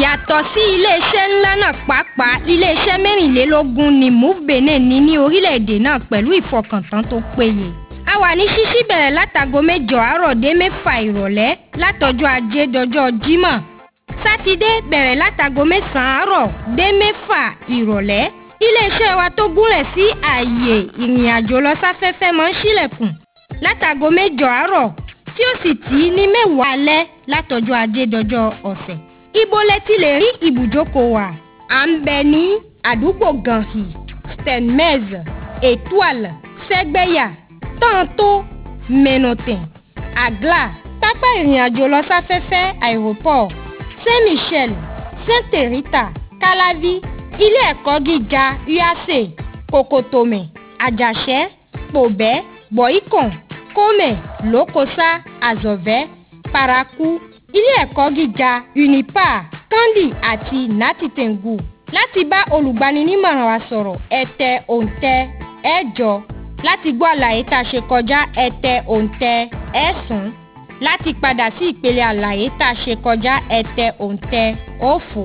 Yàtọ̀ sí iléeṣẹ́ ńlá náà pàápàá, iléeṣẹ́ mẹ́rìnlélógún ni MOVE Benin ní ní orílẹ̀-èdè náà pẹ̀lú ìfọkàntán tó péye. A wà ní ṣíṣí bẹ̀rẹ̀ látago mẹ́jọ àárọ̀ dé mẹ́fà ìrọ̀lẹ́ látọjọ́ ajé dọjọ́ Jímọ̀. Sátidé bẹ̀rẹ̀ látago mẹ́sàn-án àárọ̀ dé mẹ́fà ìrọ̀lẹ́. Iléeṣẹ́ wa tó gúnlẹ̀ sí ààyè ìrìn àjò lọ sáfẹ́fẹ́ máa ń ṣílẹ̀kùn látago mẹ́jọ àárọ̀ tí ó sì tì í ní mẹ́wàá alẹ́ látọjọ́ ajé dọjọ́ ọ̀sẹ̀ ibo lẹ ti lè rí ibùjókòó wa à ń bẹ ní àdúgbò gànhì stenmez etoile sẹgbẹyà tọ́ǹtò mẹnọtìn àglà pápá ìrìnàjò lọ́sáfẹ́fẹ́ aéroport saint michel saint terita calavi ilé ẹ̀kọ́ gíga uace kokotome àjàṣẹ́ pòbẹ́ bọ̀ìkàn Kome lókòsá àzọ̀vẹ́ paraku ilé-ẹ̀kọ́ gíga unipa kanli àti nantitengu láti bá olùgbaninímọ̀ràn wa sọ̀rọ̀ ẹ tẹ òǹtẹ̀ ẹ̀jọ láti gbọ́ àlàyé tá a ṣe kọjá ẹ tẹ òǹtẹ̀ ẹ̀sán láti padà sí ìpele àlàyé tá a ṣe kọjá ẹ tẹ òǹtẹ̀ òfo.